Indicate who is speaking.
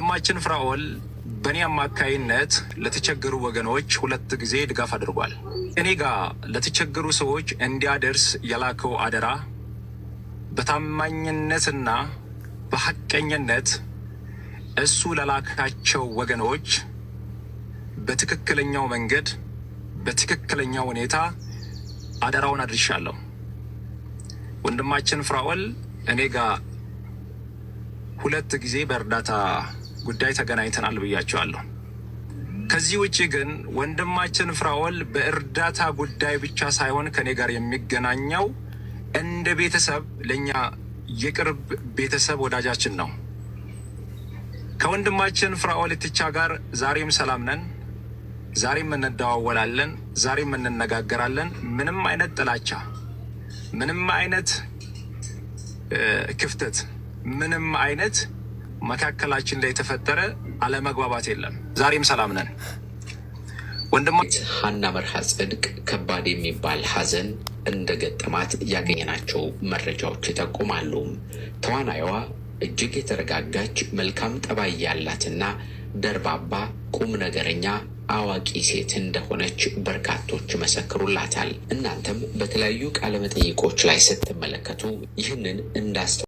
Speaker 1: ወንድማችን ፍራኦል በእኔ አማካይነት ለተቸገሩ ወገኖች ሁለት ጊዜ ድጋፍ አድርጓል። እኔ ጋር ለተቸገሩ ሰዎች እንዲያደርስ የላከው አደራ በታማኝነትና በሐቀኝነት እሱ ለላካቸው ወገኖች በትክክለኛው መንገድ በትክክለኛ ሁኔታ አደራውን አድርሻለሁ። ወንድማችን ፍራኦል እኔ ጋር ሁለት ጊዜ በእርዳታ ጉዳይ ተገናኝተናል ብያቸዋለሁ። ከዚህ ውጭ ግን ወንድማችን ፍራወል በእርዳታ ጉዳይ ብቻ ሳይሆን ከኔ ጋር የሚገናኘው እንደ ቤተሰብ ለእኛ የቅርብ ቤተሰብ ወዳጃችን ነው። ከወንድማችን ፍራኦል ትቻ ጋር ዛሬም ሰላም ነን፣ ዛሬም እንደዋወላለን፣ ዛሬም እንነጋገራለን። ምንም አይነት ጥላቻ፣ ምንም አይነት ክፍተት፣ ምንም አይነት መካከላችን ላይ የተፈጠረ አለመግባባት የለም። ዛሬም ሰላም ነን።
Speaker 2: ወንድማት ሀና መርሃ ጽድቅ ከባድ የሚባል ሀዘን እንደ ገጠማት ያገኘናቸው መረጃዎች ይጠቁማሉ። ተዋናይዋ እጅግ የተረጋጋች መልካም ጠባይ ያላትና ደርባባ ቁም ነገረኛ አዋቂ ሴት እንደሆነች በርካቶች ይመሰክሩላታል። እናንተም በተለያዩ ቃለመጠይቆች ላይ ስትመለከቱ ይህንን እንዳስተ